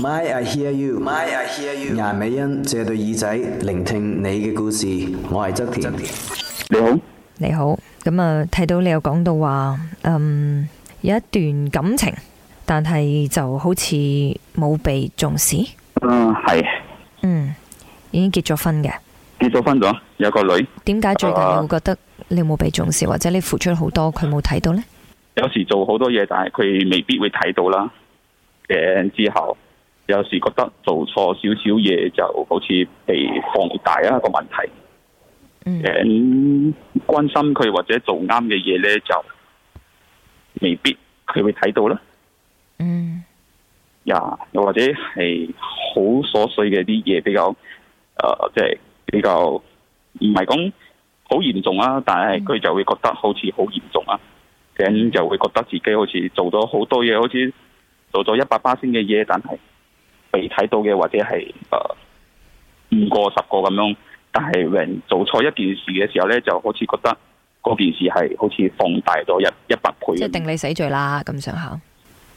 My I hear you，My I hear you。顏美欣借對耳仔聆聽你嘅故事，我係側田。你好，你好。咁啊，睇到你有講到話，嗯，有一段感情，但係就好似冇被重視。嗯、uh, 是，係。嗯，已經結咗婚嘅。結咗婚咗，有個女。點解最近你會覺得你冇被重視，uh, 或者你付出好多，佢冇睇到呢？有時做好多嘢，但係佢未必會睇到啦。嘅之後。有時覺得做錯少少嘢，就好似被放大一個問題。嗯，關心佢或者做啱嘅嘢咧，就未必佢會睇到啦。嗯，呀，又或者係好瑣碎嘅啲嘢，比較誒，即、呃、係、就是、比較唔係講好嚴重啊，但係佢就會覺得好似好嚴重啊，咁、嗯、就會覺得自己好似做咗好多嘢，好似做咗一百八星嘅嘢，但係。被睇到嘅，或者係誒五個十個咁樣，但係榮做錯一件事嘅時候咧，就好似覺得嗰件事係好似放大咗一一百倍。一定你死罪啦，咁上下。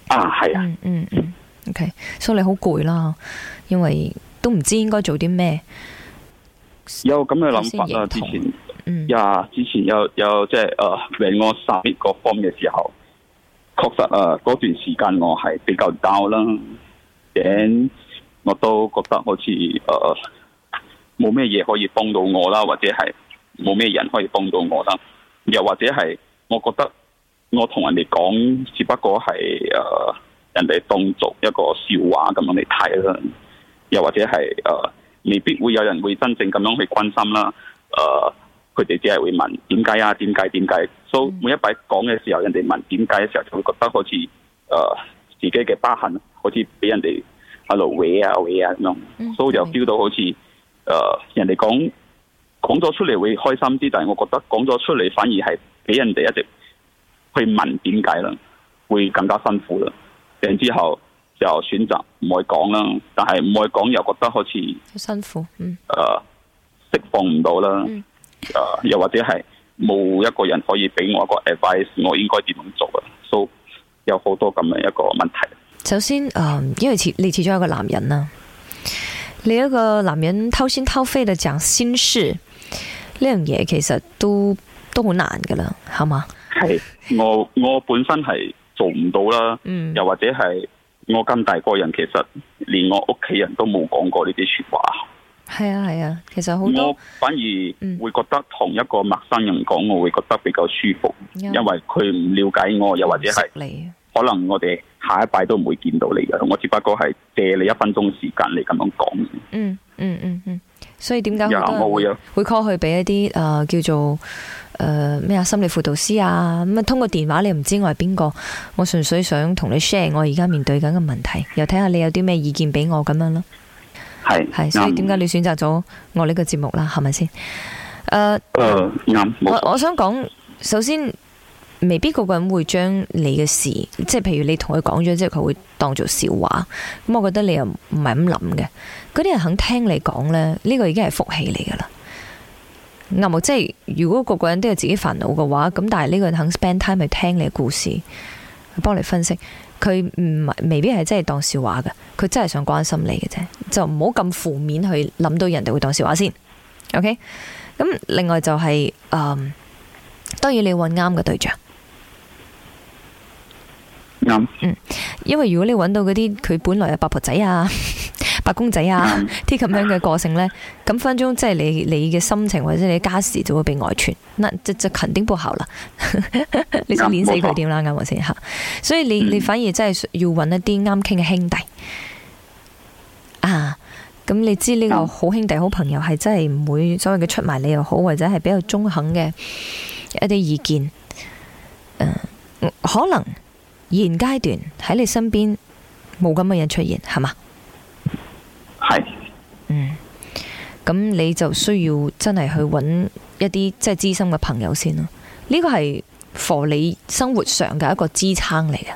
啊，係啊。嗯嗯 O K，所以你好攰啦，嗯 okay. so、tired，因為都唔知應該做啲咩。有咁嘅諗法啦、啊，之前。呀、嗯，之前有有即係誒，榮我十個方嘅時候，確實啊，嗰、uh, 段時間我係比較 down 啦。Then, 我都覺得好似誒冇咩嘢可以幫到我啦，或者係冇咩人可以幫到我啦，又或者係我覺得我同人哋講，只不過係誒、呃、人哋當作一個笑話咁樣嚟睇啦，又或者係誒、呃、未必會有人會真正咁樣去關心啦，誒佢哋只係會問點解啊，點解點解，所以每一擺講嘅時候，人哋問點解嘅時候，就會覺得好似誒、呃自己嘅疤痕好似俾人哋喺度搲啊搲啊咁樣，所以就 feel 到好似誒、呃，人哋講講咗出嚟會開心啲，但係我覺得講咗出嚟反而係俾人哋一直去問點解啦，會更加辛苦啦。然之後就選擇唔去講啦，但係唔去講又覺得好似辛苦，誒、嗯，呃、釋放唔到啦，誒、嗯呃，又或者係冇一個人可以俾我一個 advice，我應該點樣做啊？so 有好多咁樣一個問題。首先，誒、呃，因為你你始終有一個男人啦，你一個男人掏心掏肺地講心事呢樣嘢，其實都都好難噶啦，係嘛？係我我本身係做唔到啦，嗯， 又或者係我咁大個人，其實連我屋企人都冇講過呢啲說話。係啊，係啊，其實好多反而會覺得同一個陌生人講，我會覺得比較舒服，Yeah. 因為佢唔了解我，又或者係你可能我哋下一拜都唔會見到你嘅，我只不過係借你一分鐘時間嚟，咁樣講。嗯。嗯嗯嗯嗯，所以點解好多會 call 去俾一啲誒、呃、叫做誒咩啊心理輔導師啊咁啊？通過電話，你唔知我係邊個，我純粹想同你 share 我而家面對緊嘅問題，又睇下你有啲咩意見俾我咁樣咯。係係，所以點解你選擇咗我呢個節目啦？係咪先？誒、uh, 誒、uh, yeah.，我我想講，首先未必個個人會將你嘅事，即係譬如你同佢講咗之後，佢會當做笑話。咁我覺得你又唔係咁諗嘅。嗰啲人肯聽你講咧，呢、這個已經係福氣嚟噶啦。啱，木，即係如果個個人都有自己煩惱嘅話，咁但係呢個人肯 spend time 去聽你嘅故事，幫你分析。佢唔係，未必係真係當笑話嘅，佢真係想關心你嘅啫，就唔好咁負面去諗到人哋會當笑話先。OK，咁另外就係、是，嗯，當然你要揾啱嘅對象，啱，Yeah. 嗯，因為如果你揾到嗰啲，佢本來係八婆仔啊。 白公仔啊，啲咁樣嘅個性呢，咁分鐘即係你你嘅心情或者你家事就會被外傳，嗱即即肯定不好啦， 你想捏死佢點啦啱我先吓， 所以你你反而真係要揾一啲啱傾嘅兄弟啊，咁你知呢個好兄弟好朋友係真係唔會所謂嘅出埋你又好，或者係比較中肯嘅一啲意見，呃，可能現階段喺你身邊冇咁嘅人出現係嘛？係，嗯，咁你就需要真係去揾一啲即係知心嘅朋友先咯。呢個係 for 你生活上嘅一個支撐嚟嘅，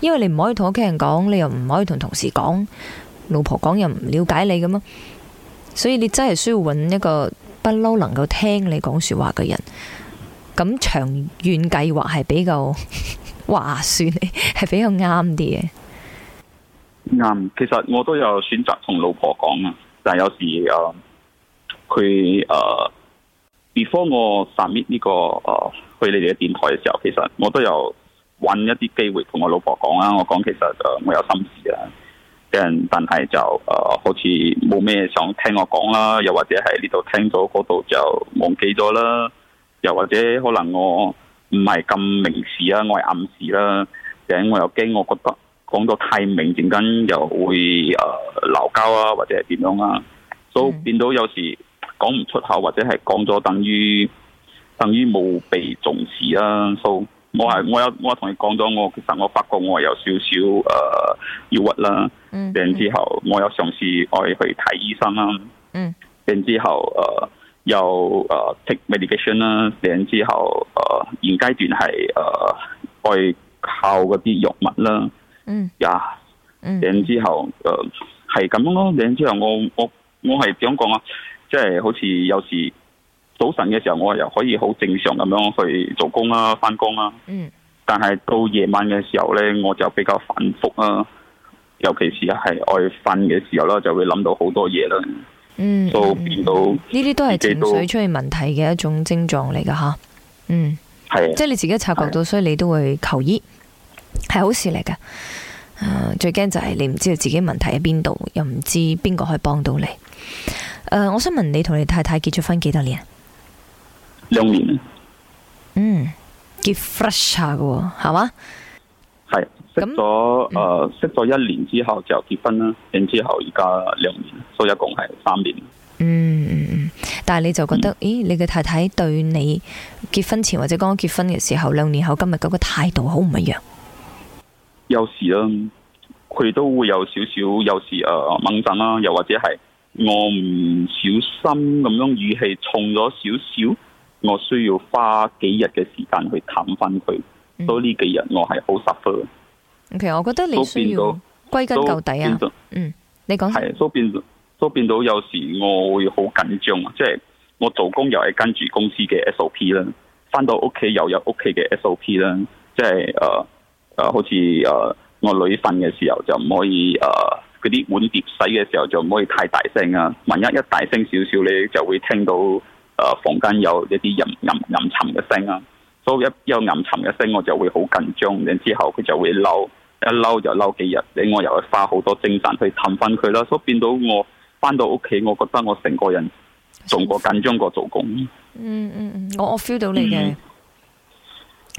因為你唔可以同屋企人講，你又唔可以同同事講，老婆講又唔了解你咁咯。所以你真係需要揾一個不嬲能夠聽你講說話嘅人。咁長遠計劃係比較劃 算，係比較啱啲嘅。嗯，其實我都有選擇同老婆講啊，但有時誒，佢誒，before 我殺滅呢個誒、呃，去你哋嘅電台嘅時候，其實我都有揾一啲機會同我老婆講啊。我講其實誒、呃，我有心事啊，但但係就誒、呃，好似冇咩想聽我講啦，又或者係呢度聽咗嗰度就忘記咗啦，又或者可能我唔係咁明示啊，我係暗示啦，因為我又驚我覺得。講到太明，點解又會誒鬧交啊，或者係點樣啊？都、so, 變到有時講唔出口，或者係講咗等於等於冇被重視啊。So，我係我有我同你講咗，我，我，我其實我發覺我有少少誒抑鬱啦。然之後我有嘗試我去睇醫生啦。嗯。然之後誒、啊嗯呃、又誒、呃、take medication 啦、啊。然之後誒、呃、現階段係誒去靠嗰啲藥物啦。嗯，呀，然之後，誒，係咁樣咯。然之後，我我我係點講啊？即係好似有時早晨嘅時候，我又可以好正常咁樣去做工啦，翻工啦。嗯。但係到夜晚嘅時候咧，我就比較反覆啦，尤其是係愛瞓嘅時候啦，就會諗到好多嘢啦。嗯。都變到呢啲都係情緒出現問題嘅一種症狀嚟㗎吓。嗯。係。即係你自己察覺到，所以你都會求醫，係好事嚟㗎。呃、最驚就係你唔知道自己問題喺邊度，又唔知邊個可以幫到你。誒、呃，我想問你，同你太太結咗婚幾多年啊？兩年啊。嗯，結 fresh 下嘅係嘛？係咁，咗誒，識咗、嗯、一年之後就結婚啦，然之後而家兩年，所以一共係三年嗯。嗯嗯嗯，但係你就覺得，嗯、咦，你嘅太太對你結婚前或者剛剛結婚嘅時候，兩年後今日嗰個態度好唔一樣？有時啦，佢都會有少少有時誒、呃，掹震啦，又或者係我唔小心咁樣語氣重咗少少，我需要花幾日嘅時間去氹翻佢。嗯、所以呢幾日我係好 suffer 其實我覺得你需要歸根究底啊，得得嗯，你講係都變都變到有時我會好緊張，即係我做工又係跟住公司嘅 SOP 啦，翻到屋企又有屋企嘅 SOP 啦，即係誒。誒、呃，好似誒、呃，我女瞓嘅時候就唔可以誒，嗰、呃、啲碗碟洗嘅時候就唔可以太大聲啊！萬一一大聲少少咧，就會聽到誒、呃、房間有一啲吟吟吟沉嘅聲啊！所以一有吟沉嘅聲，我就會好緊張，然之後佢就會嬲，一嬲就嬲幾日，你我又會花好多精神去氹翻佢啦，所以變到我翻到屋企，我覺得我成個人仲過緊張過做工。嗯嗯嗯，我我 feel 到你嘅。嗯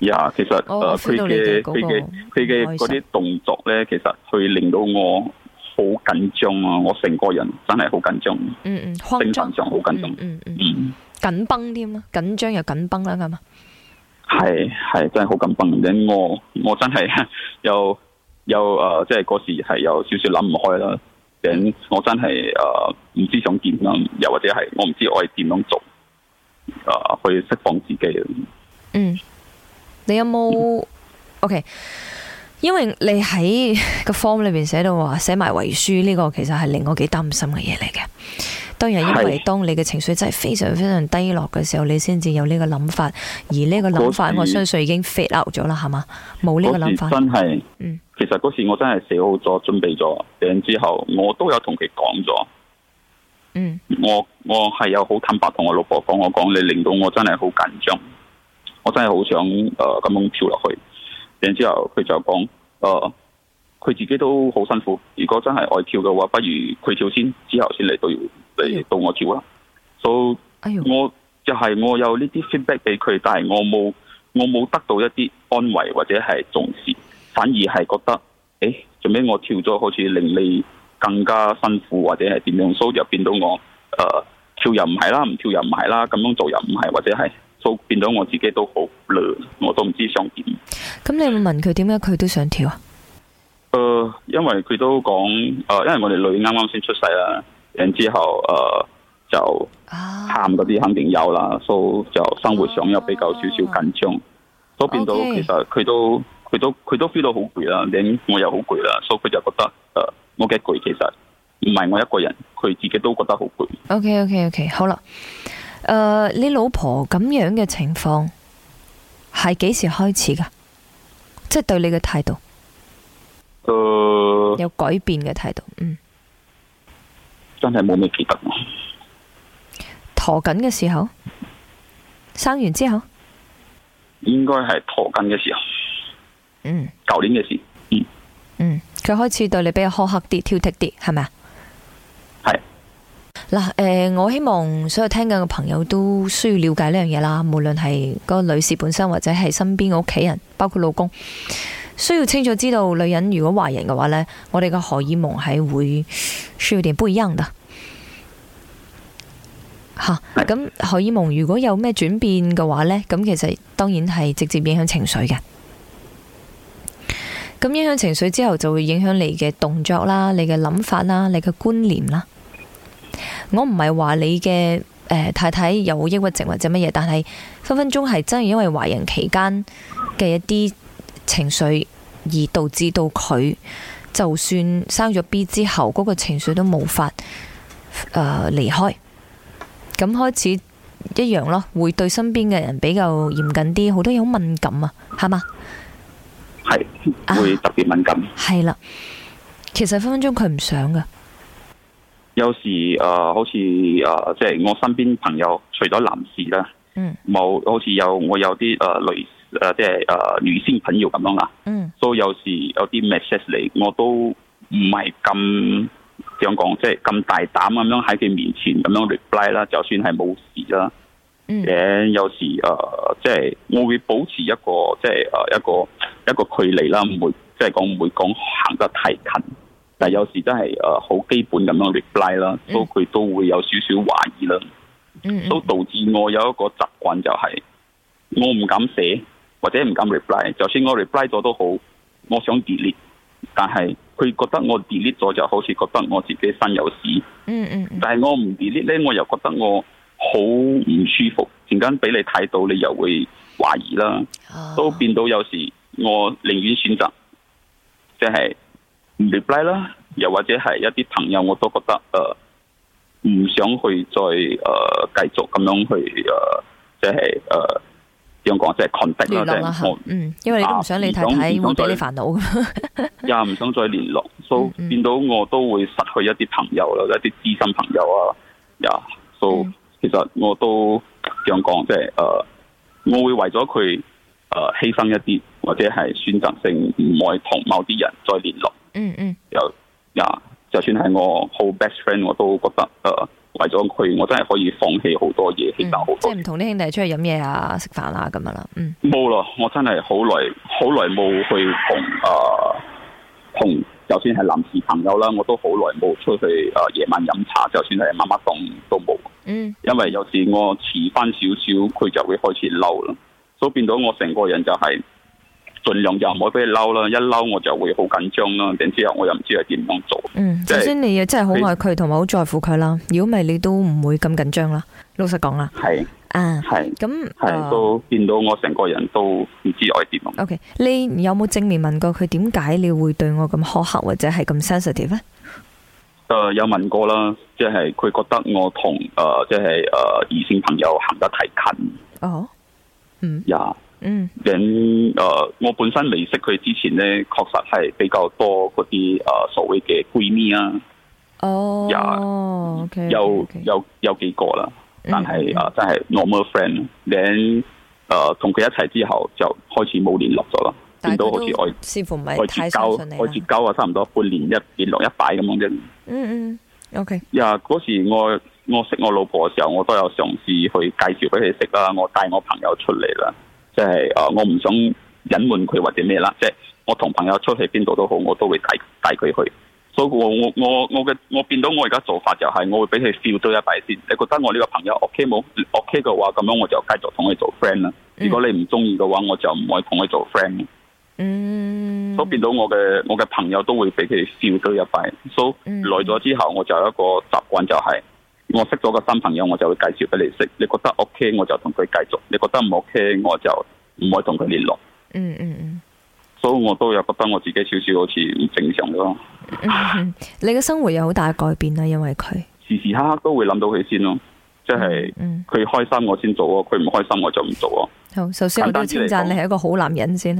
呀，其實誒，佢嘅佢嘅佢嘅嗰啲動作呢，神其實佢令到我好緊張啊！我成個人真係好緊張，嗯嗯，精神上好緊張，嗯嗯嗯，緊繃添咯，緊張又緊繃啦咁啊，係係 真係好緊繃，咁我我真係又又誒，即係嗰時係有少少諗唔開啦，我真係誒唔知想點啦，又或者係我唔知我係點樣做，誒、呃、去釋放自己，嗯。 你有冇？嗯，OK，因為你喺個 form 裏面寫到話寫埋遺書呢個，其實係令我幾擔心嘅嘢嚟嘅。當然，因為當你嘅情緒真係非常非常低落嘅時候，你先至有呢個諗法。而呢個諗法，我相信已經 fail 咗啦，係嘛嗰時？冇呢個諗法。真係，其實嗰時我真係寫好咗，準備咗病之後，我都有同佢講咗。嗯，我我係有好坦白同我老婆講，我講你令到我真係好緊張。我真係好想誒咁、呃、樣跳落去，然之後佢就講誒，佢、呃、自己都好辛苦。如果真係愛跳嘅話，不如佢跳先，之後先嚟到嚟到我跳啦。所、so, 以、哎呦，我就係我有呢啲 feedback 俾佢，但係我冇我冇得到一啲安慰或者係重視，反而係覺得誒，做咩？我跳咗，好似令你更加辛苦或者係點樣，所以就變到我誒、呃、跳又唔係啦，唔跳又唔係啦，咁樣做又唔係或者係。都變到我自己都好累，我都唔知想點。咁你問佢點解佢都想跳啊？誒、呃，因為佢都講誒、呃，因為我哋女啱啱先出世啦，然之後誒、呃、就喊嗰啲肯定有啦，啊、所以就生活上又比較少少緊張，都、啊、變到其實佢都佢都佢都 feel 到好攰啦，頂我又好攰啦，所以佢就覺得誒、呃、我嘅攰其實唔係我一個人，佢自己都覺得 okay, okay, okay. 好攰。O K O K O K，好啦。誒，uh, 你老婆咁樣嘅情況係幾時開始噶？即係對你嘅態度，uh, 有改變嘅態度，嗯，真係冇咩記得啊！陀緊嘅時候，生完之後，應該係陀緊嘅時候，嗯，舊年嘅事，嗯，嗯，佢開始對你比較苛刻啲、挑剔啲，係咪啊？嗱，誒、呃，我希望所有聽緊嘅朋友都需要了解呢樣嘢啦。無論係嗰個女士本身，或者係身邊嘅屋企人，包括老公，需要清楚知道，女人如果懷孕嘅話呢，我哋嘅荷爾蒙係會需要點不一樣嘅。吓，咁荷爾蒙如果有咩轉變嘅話呢，咁其實當然係直接影響情緒嘅。咁影響情緒之後，就會影響你嘅動作啦、你嘅諗法啦、你嘅觀念啦。我唔係話你嘅、呃、太太有抑鬱症或者乜嘢，但係分分鐘係真係因為懷孕期間嘅一啲情緒而導致到佢，就算生咗 B 之後，嗰個情緒都無法誒、呃、離開。咁開始一樣咯，會對身邊嘅人比較嚴謹啲，好多嘢好敏感啊，係嘛？係會特別敏感。係、啊、啦，其實分分鐘佢唔想噶。有時啊、呃，好似啊，即、呃、係、就是、我身邊朋友，除咗男士啦，冇、mm. 好似有我有啲啊女，啊、呃、即係啊、呃、女性朋友咁樣啦，嗯，所以有時有啲 message 嚟，我都唔係咁想講，即係咁大膽咁樣喺佢面前咁樣 reply 啦、mm. 呃，就算係冇事啦，嗯，有時啊，即係我會保持一個即係啊一個一個，一個距離啦，唔會即係講唔會講行得太近。但有時真係誒，好、uh, 基本咁樣 reply 啦、嗯，都佢都會有少少懷疑啦，嗯嗯、都導致我有一個習慣就係我唔敢寫或者唔敢 reply。就算我 reply 咗都好，我想 delete，但係佢覺得我 delete 咗就好似覺得我自己身有屎、嗯。嗯嗯。但係我唔 delete 咧，我又覺得我好唔舒服。陣間俾你睇到，你又會懷疑啦，哦、都變到有時我寧願選擇，即係。reply 啦，又或者係一啲朋友，我都覺得誒，唔、呃、想去再誒繼、呃、續咁樣去誒、呃，即係誒，點樣講即係 contact 啦，即係、啊、我嗯，因為你都唔想你睇睇，啊、想想會俾你煩惱。 呀，唔想再聯絡，都、so, 嗯嗯、變到我都會失去一啲朋友啦，一啲知心朋友啊，呀、yeah, so, 嗯，都其實我都想講，即係誒、呃，我會為咗佢誒犧牲一啲，或者係選擇性唔會同某啲人再聯絡。嗯嗯，又呀、mm，hmm. yeah, 就算係我好 best friend，我都覺得誒、呃，為咗佢，我真係可以放棄好多嘢，犧牲好多即係唔同啲兄弟出去飲嘢啊、食飯啊咁樣啦。嗯，冇啦，我真係好耐好耐冇去同誒同，就算係臨時朋友啦，我都好耐冇出去誒、呃、夜晚飲茶，就算係乜乜檔都冇。嗯、mm，hmm. 因為有時我遲翻少少，佢就會開始嬲啦，所以變到我成個人就係、是。盡量、嗯、就唔好俾佢嬲啦，一嬲你我就會好緊張啦，然之後我又唔知係點樣做。嗯，就算你真係好愛佢同埋好在乎佢啦，如果唔係你都唔會咁緊張啦。老實講啦，係啊，係咁係都見到我成個人都唔知我點。O K，你有冇正面問過佢點解你會對我咁苛刻或者係咁 sensitive 咧？誒，有問過啦，即係佢覺得我同誒、呃、即係誒異性朋友行得太近。哦，嗯，呀。Yeah, 嗯，咁誒，我本身未識佢之前咧，確實係比較多嗰啲誒所謂嘅閨蜜啊，哦，有有有幾個啦，但係誒真係 normal friend。咁誒同佢一齊之後就開始冇聯絡咗咯，見到好似外似乎唔係太交外接交啊，差唔多半年一聯絡一擺咁樣啫。嗯嗯，OK。呀，嗰時我我識我老婆嘅時候，我都有嘗試去介紹俾佢識啦，我帶我朋友出嚟啦。即係，誒，我唔想隱瞞佢或者咩啦。即係我同朋友出去邊度都好，我都會帶帶佢去。所以我我我嘅，我變到我而家做法就係，我會俾佢笑多一拜先。你覺得我呢個朋友 OK 冇 OK 嘅話，咁樣我就繼續同佢做 friend 啦。如果你唔中意嘅話，我就唔可以同佢做 friend。嗯，所以變到我嘅我嘅朋友都會俾佢笑多一拜。所以來咗之後，我就有一個習慣就係。我識咗個新朋友，我就會介紹俾你識。你覺得 OK，我就同佢繼續；你覺得唔 OK，我就唔可以同佢聯絡。嗯嗯嗯，所、嗯、以、so, 我都有覺得我自己少少好似唔正常咯、嗯嗯。你嘅生活有好大改變啦、啊，因為佢時時刻刻都會諗到佢先咯，即係，佢、嗯嗯、開心我先做咯，佢唔開心我就唔做咯。好，首先我都要稱讚你係一個好男人先，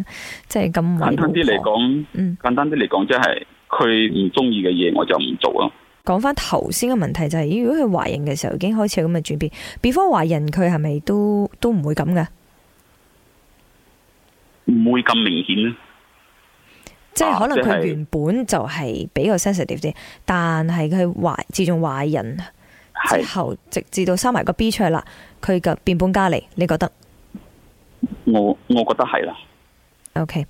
即係咁簡單啲嚟講，嗯，簡單啲嚟講，即係佢唔中意嘅嘢，我就唔做咯。講翻頭先嘅問題就係、是，如果佢懷孕嘅時候已經開始有咁嘅轉變，before 懷孕佢係咪都都唔會咁嘅？唔會咁明顯，即係可能佢原本就係比較 sensitive 啲，啊就是、但係佢懷自從懷孕之後，是直至到生埋個 B 出嚟啦，佢嘅變本加厲，你覺得？我我覺得係啦。OK，誒、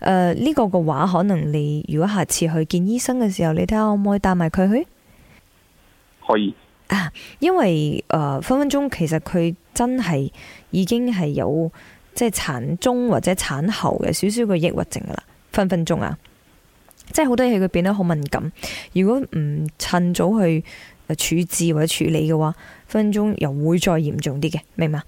呃、呢、這個嘅話，可能你如果下次去見醫生嘅時候，你睇下可唔可以帶埋佢去？可以啊，因為誒、呃、分分鐘，其實佢真係已經係有即係產中或者產後嘅少少嘅抑鬱症噶啦，分分鐘啊，即係好多嘢，佢變得好敏感。如果唔趁早去誒處置或者處理嘅話，分分鐘又會再嚴重啲嘅，明唔明？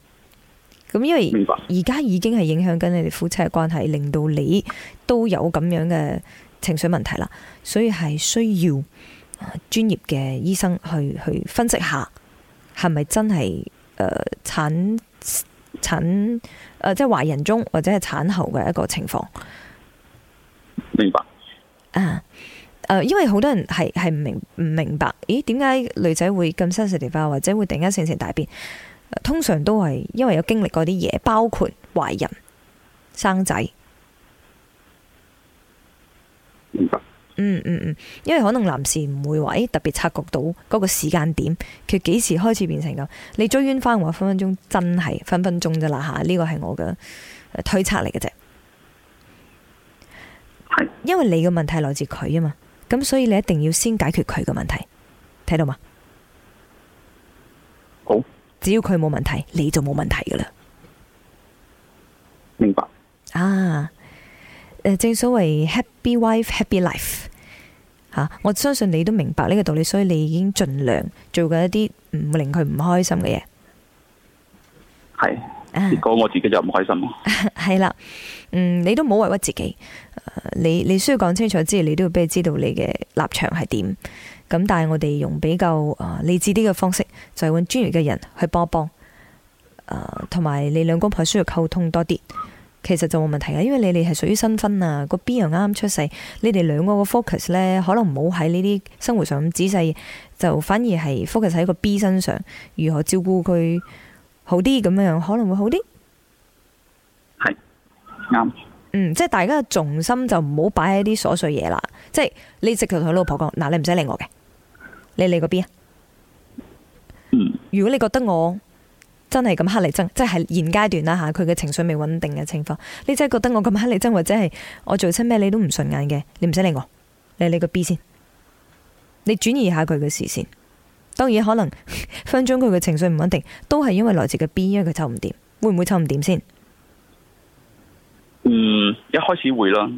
咁因為而家已經係影響緊你哋夫妻嘅關係，令到你都有咁樣嘅情緒問題啦，所以係需要。專業嘅醫生去去分析下，係咪真係誒、呃、產產誒、呃、即係懷孕中或者係產後嘅一個情況？明白。誒、啊呃，因為好多人係係唔明唔明白，咦？點解女仔會咁 sensitive，或者會突然間性情大變？通常都係因為有經歷過啲嘢，包括懷孕生仔。明白。嗯嗯嗯，因為可能男士唔會話，誒特別察覺到嗰個時間點，佢幾時開始變成咁？你追冤翻話，分分鐘真係分分鐘啫啦吓，呢個係我嘅推測嚟嘅啫。是因為你嘅問題來自佢啊嘛，咁所以你一定要先解決佢嘅問題，睇到嘛？好，只要佢冇問題，你就冇問題噶啦。明白。啊。正所謂 Happy Wife, Happy Life，啊、我相信你都明白呢個道理，所以你已經盡量做緊一啲唔令佢唔開心嘅嘢。係，結果我自己就唔開心咯。係啦，啊 嗯，你都唔好委屈自己，呃、你你需要講清楚之餘，你都要俾佢知道你嘅立場係點。咁但係我哋用比較理智啲嘅方式，就係、是、揾專業嘅人去幫幫。同、呃、埋你兩公婆需要溝通多啲。其實就冇問題嘅，因為你哋係屬於新婚啊，個 B 又啱啱出世，你哋兩個嘅 focus 呢，可能唔好喺呢啲生活上咁仔細，就反而係 focus 喺個 B 身上，如何照顧佢好啲咁樣，可能會好啲。係啱。嗯，即係大家重心就唔好擺喺啲瑣碎嘢啦。即係你直頭同老婆講，嗱，你唔使理我嘅，你理個 B 啊。嗯。如果你覺得我。真係咁乞力憎，即係現階段啦，啊、吓，佢嘅情緒未穩定嘅情況，你真係覺得我咁乞力憎，或者係我做親咩你都唔順眼嘅，你唔使理我，你理個 B 先，你轉移下佢嘅視線。當然可能 分鐘佢嘅情緒唔穩定，都係因為來自個 B，因為佢湊唔掂，會唔會湊唔掂先？嗯，一開始會啦。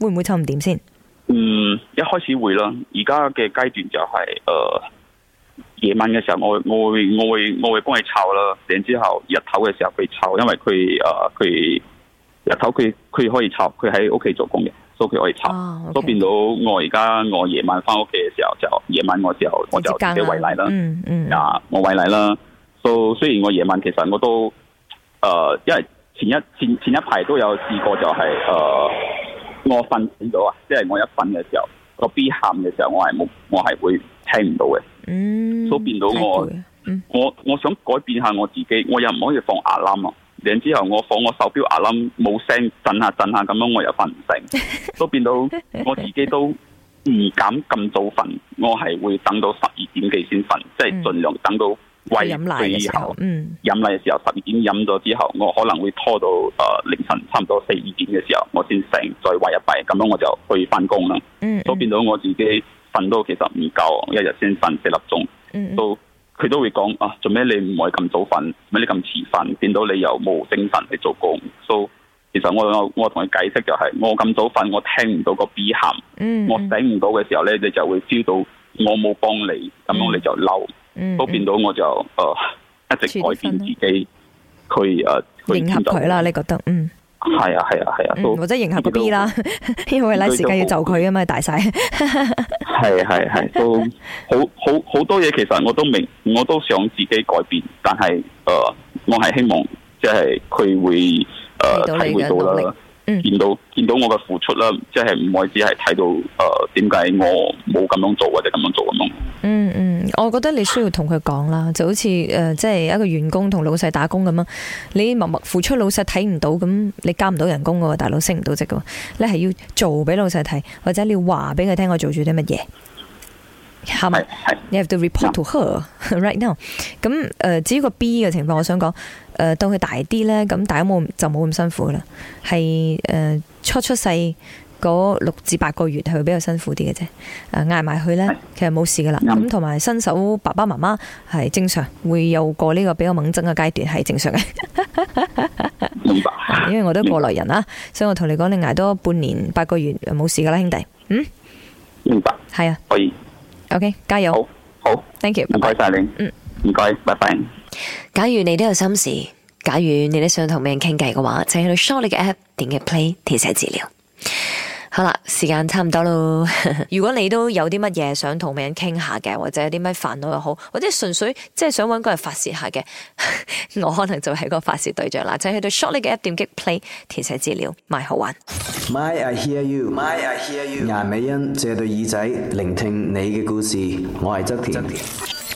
會唔會湊唔掂先？嗯，一開始會啦。而家嘅階段就係、是、誒。呃夜晚嘅時候，我會、嗯嗯啊、我會我會我會幫佢湊啦。然之後日頭嘅時候佢湊，因為佢啊佢日頭佢佢可以湊，佢喺屋企做工嘅，所以佢可以湊。都變到我而家我夜晚返屋企嘅時候，就夜晚我時候我就自己餵奶啦。嗯嗯，啊我餵奶啦。都雖然我夜晚其實我都，誒、呃，因為前一前前一排都有試過、就是呃，就係誒我瞓醒咗啊，即係我一瞓嘅時候個 B 喊嘅時候，我係冇我係會聽唔到嘅。嗯，都變到我，嗯、我我想改變下我自己，我又唔可以放牙冧，啊，然之後我放我手錶牙冧，冇聲震下震下咁樣我又瞓唔醒。都 變到我自己都唔敢咁早瞓，我係會等到十二點幾先瞓，即係盡量等到餵。飲、嗯、奶以後，嗯，飲奶嘅時候十二點飲咗之後，我可能會拖到誒、呃、凌晨差唔多四二點嘅時候，我先醒再餵一閉，咁樣我就去翻工啦。嗯，都變到我自己。瞓都其實唔夠，一日先瞓四粒鐘，都佢、mm hmm. 都會講啊，做咩你唔可以咁早瞓？咩你咁遲瞓，變到你又冇精神去做工，所、so, 以其實我我同佢解釋就係，我咁、就是、早瞓，我聽唔到個 B 喊，mm hmm. 我醒唔到嘅時候咧，你就會 feel 到我冇幫你，咁樣你就嬲，都、mm hmm. mm hmm. 變到我就誒、呃、一直改變自己，佢誒迎合佢啦，你覺得？嗯係啊，係啊，係啊，都或者迎合個 B 啦，希望拉時間要就佢 啊嘛，大晒，係係係，都好好好多嘢，其實我都明，我都想自己改變，但係誒、呃，我係希望即係佢會誒體會到啦到、嗯，見到見到我嘅付出啦，即係唔可以只係睇到誒點解我冇咁樣做或者咁樣做咁樣、嗯。嗯嗯。我覺得你需要同佢講啦，就好似誒，即係一個員工同老細打工咁咯。你默默付出，老細睇唔到，咁你加唔到人工㗎喎，大佬升唔到職㗎喎，你係要做俾老細睇，或者你要話俾佢聽，我做住啲乜嘢，係 嘛樂？係。You have to report to her right now。咁誒，至於個 B 嘅情況，我想講誒、呃，到佢大啲咧，咁大都冇就冇咁辛苦啦。係誒、呃，初出世。嗰六至八個月係會比較辛苦啲嘅啫，誒、呃、捱埋佢呢，其實冇事噶啦。咁同埋新手爸爸媽媽係正常會有過呢個比較猛憎嘅階段，係正常嘅。 嗯、因為我都過來人啦，嗯、所以我同你講，你捱多半年八個月冇事噶啦，兄弟。嗯，明白、嗯。係啊，可以。OK，加油。好，好，Thank you，唔該晒你。嗯，唔該，拜拜。假如你都有心事，假如你都想同咩人傾偈嘅話，請去 Shaw 你嘅 App 點擊 Play 填寫資料。好啦，時間差唔多咯。 如果你都有啲乜嘢想同美欣傾下嘅，或者有啲咩煩惱又好，或者純粹即係想搵個人發泄下嘅， 我可能就係個發泄對象啦。就喺對 shortly 嘅 App 點擊 Play，填寫資料，咪好玩。May I hear you？May I hear you？讓美恩，借對耳仔聆聽你嘅故事。我係側田。